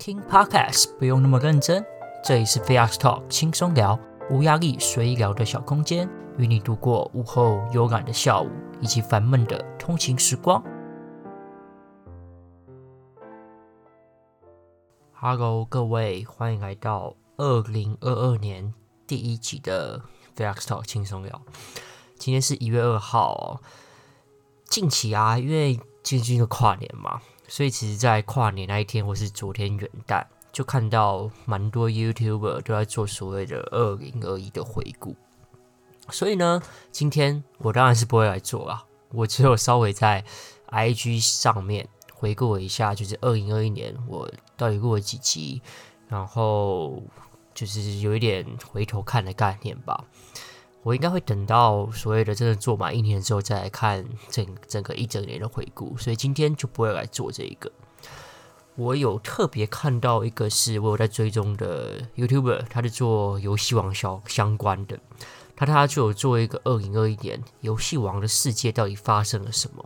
聽 Podcast 不用那麼認真，這裡是 Flex Talk 輕鬆聊，無壓力隨意聊，的小空間，與你度過午後悠然的下午，以及煩悶的通勤時光。Hello 各位，歡迎來到二零二二年第一集的 Flex Talk 輕鬆聊。今天是一月二號，近期啊，因為最近，近的跨年嘛。所以其實，在跨年那一天，或是昨天元旦，就看到蠻多 YouTuber 都在做所謂的二零二一的回顧。所以呢，今天我當然是不會來做啦，我只有稍微在 IG 上面回顧一下，就是二零二一年我到底過了幾集，然後就是有一點回頭看的概念吧。我應該會等到所謂的真的做滿一年之後再來看整整個一整年的回顧，所以今天就不會來做這一個。我有特別看到一個是我有在追蹤的 YouTuber，他是做遊戲王小相關的，他他就有做一個二零二一年遊戲王的世界到底發生了什麼，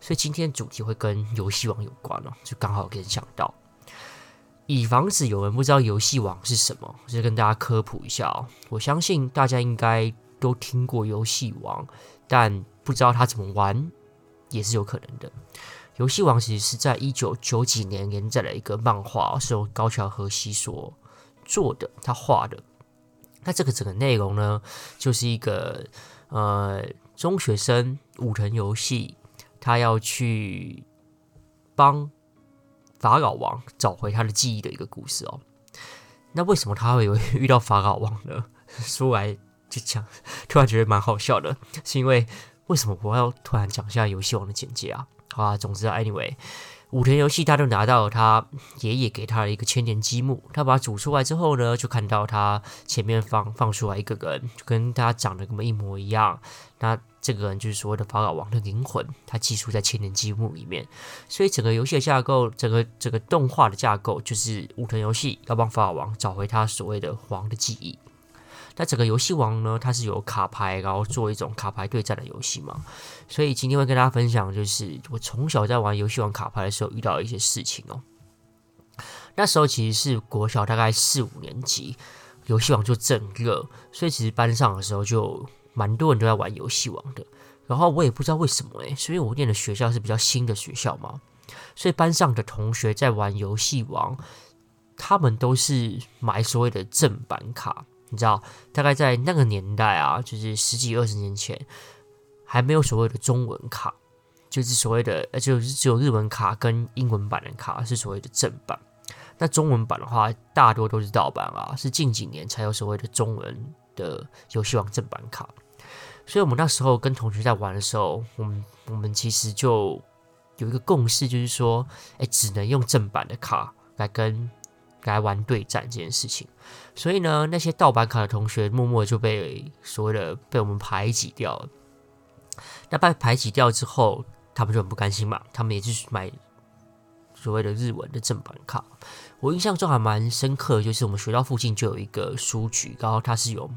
所以今天主題會跟遊戲王有關哦、喔，就剛好可以想到。以防止有人不知道遊戲王是什麼，就跟大家科普一下哦。我相信大家應該都聽過遊戲王，但不知道他怎麼玩也是有可能的。遊戲王其實是在一九九幾年連載的一個漫畫，是由高橋和希所做的，他畫的。那這個整個內容呢，就是一個呃中學生武藤遊戲，他要去幫。法老王找回他的記憶的一個故事哦，那為什麼他會遇到法老王呢？ 說來就講，突然覺得蠻好笑的，是因為為什麼我要突然講一下遊戲王的簡介啊？好啊，總之、啊、anyway。武藤遊戲，他就拿到他爺爺給他的一個千年積木，他把它煮出來之後呢，就看到他前面放放出來一個人，就跟他長得跟一模一樣。那這個人就是所謂的法老王的靈魂，他寄宿在千年積木裡面。所以整個遊戲的架構，整個這個動畫的架構，就是武藤遊戲要幫法老王找回他所謂的王的記憶。那整個遊戲王呢，它是有卡牌，然後做一種卡牌對戰的遊戲嘛。所以今天會跟大家分享，就是我從小在玩遊戲王卡牌的時候遇到的一些事情哦。那時候其實是國小大概四五年級，遊戲王就整個，所以其實班上的時候就蠻多人都在玩遊戲王的。然後我也不知道為什麼哎，因為我念的學校是比較新的學校嘛，所以班上的同學在玩遊戲王，他們都是買所謂的正版卡。你知道，大概在那個年代啊，就是十幾二十年前，還沒有所謂的中文卡，就是所謂的，呃，就是只有日文卡跟英文版的卡是所謂的正版。那中文版的話，大多都是盜版啊，是近幾年才有所謂的中文的遊戲王正版卡。所以，我們那時候跟同學在玩的時候，我們我們其實就有一個共識，就是說，哎、欸，只能用正版的卡來跟。來玩對戰這件事情，所以呢，那些盜版卡的同學默默就被所謂的被我們排擠掉了。那被排擠掉之後，他們就很不甘心嘛，他們也去買所謂的日文的正版卡。我印象中還蠻深刻的，就是我們學校附近就有一個書局，然後它是有。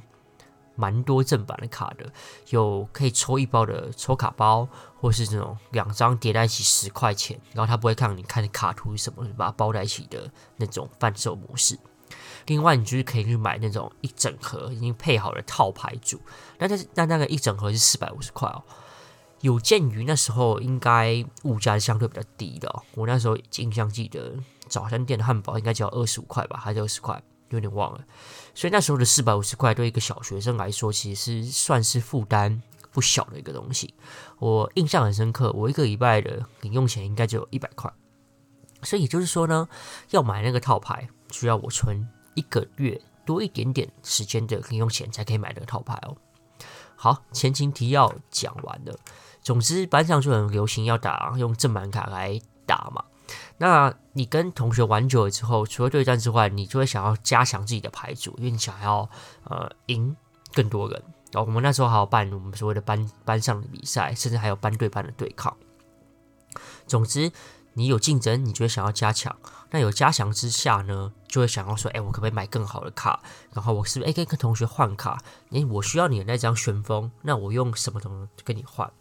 蠻多正版的卡的，有可以抽一包的抽卡包，或是這種兩張疊在一起十塊錢，然後他不會看你看卡圖什麼，把它包在一起的那種販售模式。另外，你就是可以去買那種一整盒已經配好的套牌組，那但是那那個一整盒是四百五十塊哦。有鑑於那時候應該物價相對比較低的哦，我那時候印象記得早餐店的漢堡應該只要二十五塊吧，還是二十塊。有點忘了，所以那時候的四百五十塊對一個小學生來說，其實算是負擔不小的一個東西。我印象很深刻，我一個禮拜的零用錢應該就有一百塊。所以也就是說呢，要買那個套牌，需要我存一個月多一點點時間的零用錢才可以買這個套牌哦。好，前情提要講完了。總之，班上就很流行要打、用正版卡來打嘛。那你跟同學玩久了之後，除了對戰之外，你就會想要加強自己的牌組，因為你想要呃贏更多人。然、哦、後我們那時候還有辦我們所謂的班班上的比賽，甚至還有班對班的對抗。總之，你有競爭，你就會想要加強。那有加強之下呢，就會想要說，誒、欸，我可不可以買更好的卡？然後我是不是可以、欸、跟同學換卡？誒、欸，我需要你的那張旋風，那我用什麼東西跟你換？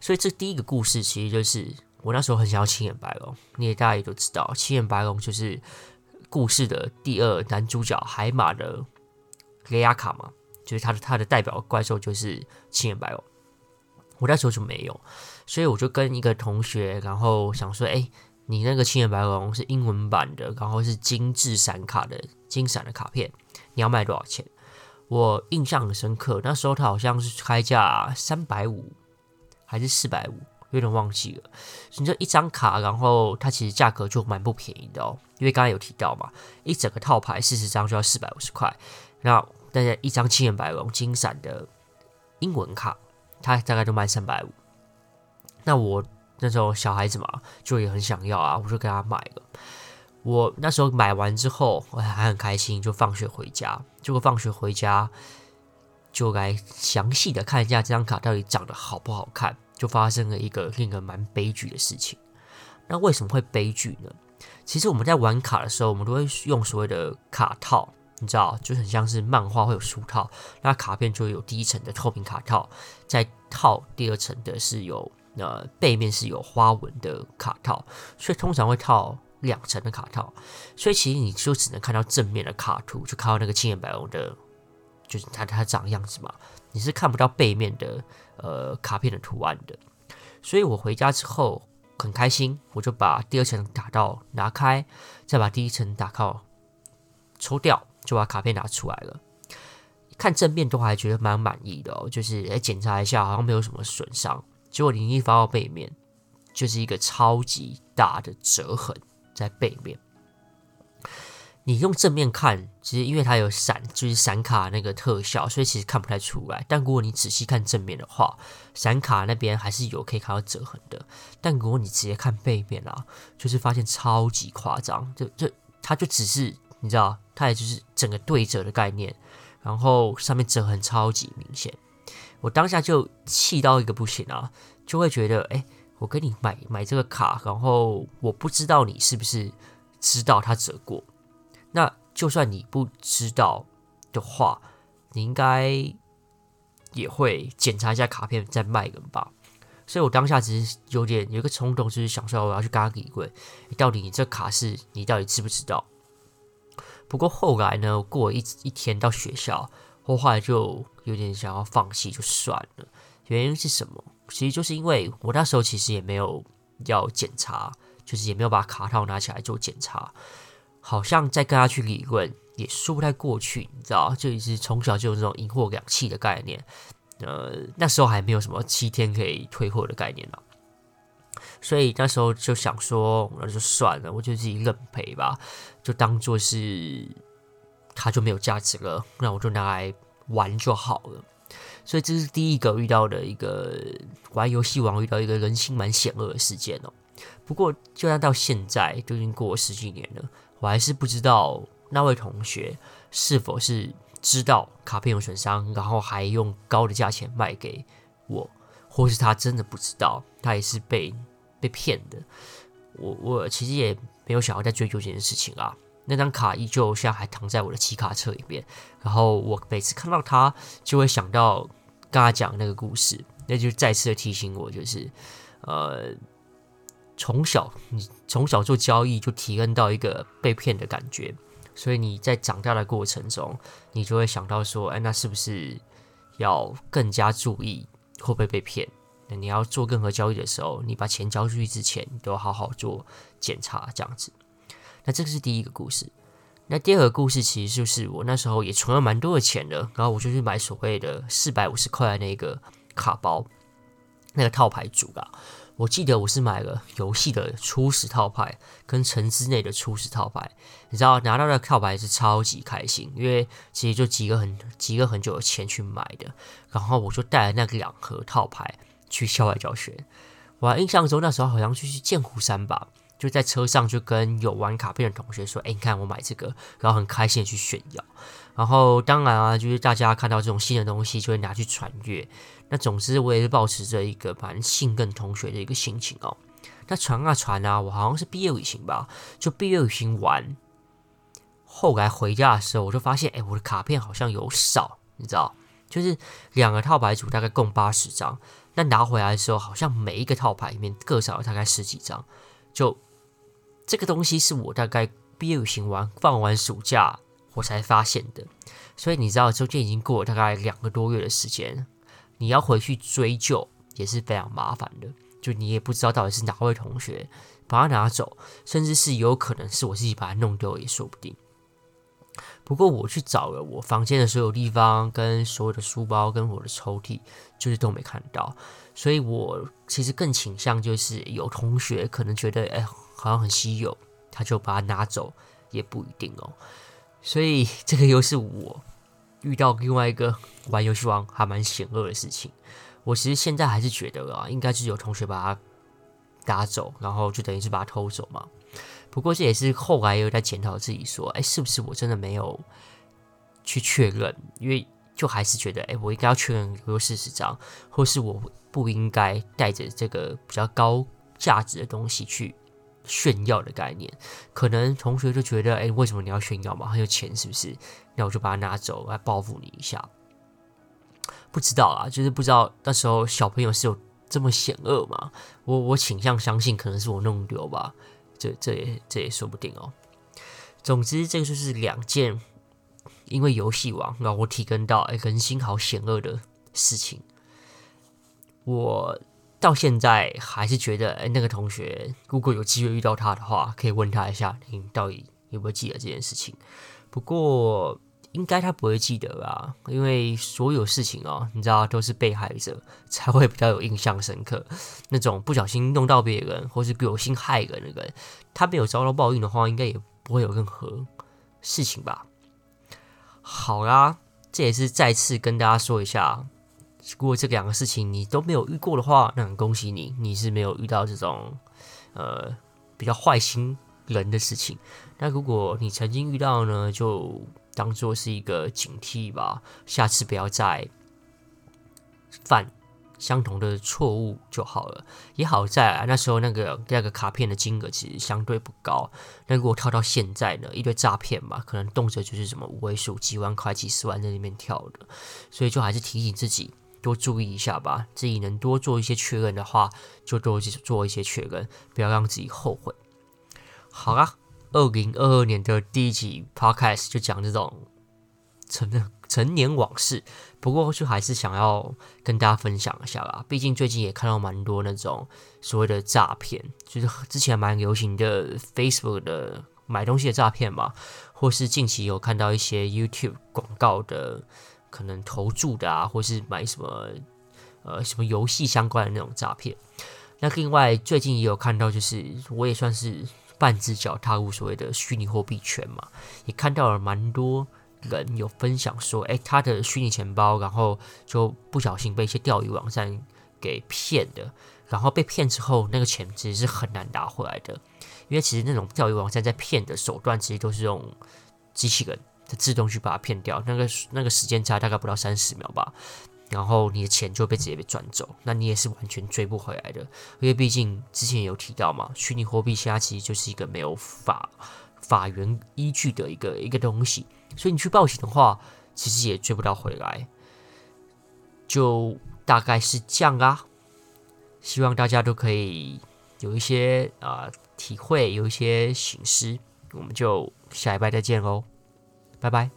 所以這第一個故事其實就是。我那時候很想要青眼白龍，你也大家也都知道，青眼白龍就是故事的第二男主角海馬的雷亞卡嘛，就是他的他的代表怪獸就是青眼白龍。我那時候就沒有，所以我就跟一個同學，然後想說，哎、欸，你那個青眼白龍是英文版的，然後是精緻閃卡的，金閃的卡片，你要賣多少錢？我印象很深刻，那時候他好像是開價三百五還是四百五。有點忘記了，所以這一張卡，然後它其實價格就蠻不便宜的哦。因為剛才有提到嘛，一整個套牌四十張就要四百五十塊，那大家一張青眼白龍金閃的英文卡，它大概都賣三百五。那我那時候小孩子嘛，就也很想要啊，我就給他買了。我那時候買完之後，我還很開心，就放學回家，結果放學回家就來詳細的看一下這張卡到底長得好不好看。就發生了一個令人蠻悲劇的事情。那為什麼會悲劇呢？其實我們在玩卡的時候，我們都會用所謂的卡套，你知道，就很像是漫畫會有書套，那卡片就會有第一層的透明卡套，再套第二層的是有呃背面是有花紋的卡套，所以通常會套兩層的卡套，所以其實你就只能看到正面的卡圖，就看到那個青眼白龍的，就是它它長樣子嘛，你是看不到背面的。呃，卡片的圖案的，所以我回家之後很開心，我就把第二層打到拿開，再把第一層打開抽掉，就把卡片拿出來了。看正面都還覺得蠻滿意的，哦，就是哎檢、欸、查一下好像沒有什麼損傷，結果你一翻到背面，就是一個超級大的折痕在背面。你用正面看，其實因為它有閃，就是閃卡那個特效，所以其實看不太出來。但如果你仔細看正面的話，閃卡那邊還是有可以看到折痕的。但如果你直接看背面啊，就是發現超級誇張，就就它就只是你知道，它也就是整個對折的概念，然後上面折痕超級明顯。我當下就氣到一個不行啊，就會覺得，哎，我跟你買買這個卡，然後我不知道你是不是知道它折過。那就算你不知道的話，你應該也會檢查一下卡片再賣人吧。所以我當下只是有點有一個衝動，就是想說我要去跟他理論，到底你這卡是你到底知不知道？不過後來呢，過了一一天到學校，我後來就有點想要放棄，就算了。原因是什麼？其實就是因為我那時候其實也沒有要檢查，就是也沒有把卡套拿起來做檢查。好像再跟他去理論，也說不太過去，你知道？就一直從小就有這種“銀貨兩訖”的概念，呃，那時候還沒有什麼七天可以退貨的概念呢、啊，所以那時候就想說，那就算了，我就自己認賠吧，就當做是他就沒有價值了，那我就拿來玩就好了。所以這是第一個遇到的一個玩遊戲王，遇到一個人心蠻險惡的事件哦。不過，就算到現在都已經過了十幾年了。我還是不知道那位同學是否是知道卡片有損傷，然後還用高的價錢賣給我，或是他真的不知道，他也是被被騙的。我我其實也沒有想要再追究這件事情啊。那張卡依舊現在還躺在我的集卡冊裡面，然後我每次看到他就會想到剛才講的那個故事，那就再次的提醒我，就是，呃。從小你從小做交易就體驗到一個被騙的感覺，所以你在長大的過程中，你就會想到說，誒、哎，那是不是要更加注意會不會被騙？那你要做任何交易的時候，你把錢交出去之前，你都好好做檢查，這樣子。那這個是第一個故事。那第二個故事其實就是我那時候也存了蠻多的錢的，然後我就去買所謂的四百五十塊的那個卡包，那個套牌組啊。我記得我是買了遊戲的初始套牌跟城之內的初始套牌，你知道拿到的套牌是超級開心，因為其實就集了很，集了很久的錢去買的，然後我就帶了那兩盒套牌去校外教學。我印象中那時候好像去去劍湖山吧，就在車上就跟有玩卡片的同學說，哎，你看我買這個，然後很開心的去炫耀。然後當然啊，就是大家看到這種新的東西就會拿去傳閱。那總之我也是保持着一個蠻信任同學的一個心情哦。那傳啊傳啊，我好像是畢業旅行吧，就畢業旅行完，後來回家的時候，我就發現，哎，我的卡片好像有少，你知道，就是兩個套牌組大概共八十張，那拿回來的時候，好像每一個套牌裡面各少了大概十幾張。就這個東西是我大概畢業旅行完，放完暑假，我才發現的，所以你知道，中間已經過了大概兩個多月的時間，你要回去追究也是非常麻煩的，就你也不知道到底是哪位同學把它拿走，甚至是有可能是我自己把它弄丟也說不定。不過我去找了我房間的所有地方，跟所有的書包，跟我的抽屜，就是都沒看到，所以我其實更傾向就是有同學可能覺得，哎，好像很稀有，他就把它拿走，也不一定哦、喔。所以這個又是我遇到另外一個玩遊戲王還蠻險惡的事情。我其實現在還是覺得啊，應該是有同學把他拿走，然後就等於是把他偷走嘛。不過這也是後來又有在檢討自己說，哎，是不是我真的沒有去確認？因為就還是覺得，哎，我應該要確認有四十張，或是我不應該帶着這個比較高價值的東西去。炫耀的概念，可能同學就覺得，哎、欸，為什麼你要炫耀嘛？很有錢是不是？那我就把它拿走來報復你一下。不知道啊，就是不知道那時候小朋友是有這麼險惡嗎？我我傾向相信，可能是我弄丟吧，這這也這也說不定哦、喔。總之，這個就是兩件因為遊戲王讓我體會到人心、欸、好險惡的事情。我。到現在還是覺得，誒，那個同學，如果有機會遇到他的話，可以問他一下，你到底有沒有記得這件事情？不過應該他不會記得吧？因為所有事情哦，你知道，都是被害者才會比較有印象深刻。那種不小心弄到別人，或是有心害人的人，他沒有遭到報應的話，應該也不會有任何事情吧。好啦，這也是再次跟大家說一下。如果這兩個事情你都沒有遇過的話，那很恭喜你，你是沒有遇到這種呃比較壞心人的事情。那如果你曾經遇到呢，就當做是一個警惕吧，下次不要再犯相同的錯誤就好了。也好在、啊、那時候那個那個卡片的金額其實相對不高，那如果跳到現在呢，一堆詐騙吧，可能動輒就是什麼五位數、幾萬塊、幾十萬在那邊跳的，所以就還是提醒自己。多注意一下吧，自己能多做一些確認的話，就多去做一些確認，不要讓自己後悔。好啦，二零二二年的第一集 Podcast 就講這種成成年往事，不過就還是想要跟大家分享一下吧。畢竟最近也看到蠻多那種所謂的詐騙，就是之前蠻流行的 Facebook 的買東西的詐騙嘛，或是近期有看到一些 YouTube 廣告的。可能投注的啊，或是買什麼，呃，什麼遊戲相關的那種詐騙。那另外最近也有看到，就是我也算是半隻腳踏入所謂的虛擬貨幣圈嘛，也看到了蠻多人有分享說，哎、欸，他的虛擬錢包，然後就不小心被一些釣魚網站給騙的，然後被騙之後，那個錢其實是很難拿回來的，因為其實那種釣魚網站在騙的手段，其實都是用機器人。自動去把它騙掉，那個那個時間差大概不到三十秒吧，然後你的錢就被直接被轉走，那你也是完全追不回來的。因為畢竟之前有提到嘛，虛擬貨幣現在其實就是一個沒有法法源依據的一個一個東西，所以你去報警的話，其實也追不到回來。就大概是這樣啊，希望大家都可以有一些啊、呃、體會，有一些省思。我們就下禮拜再見嘍。拜拜。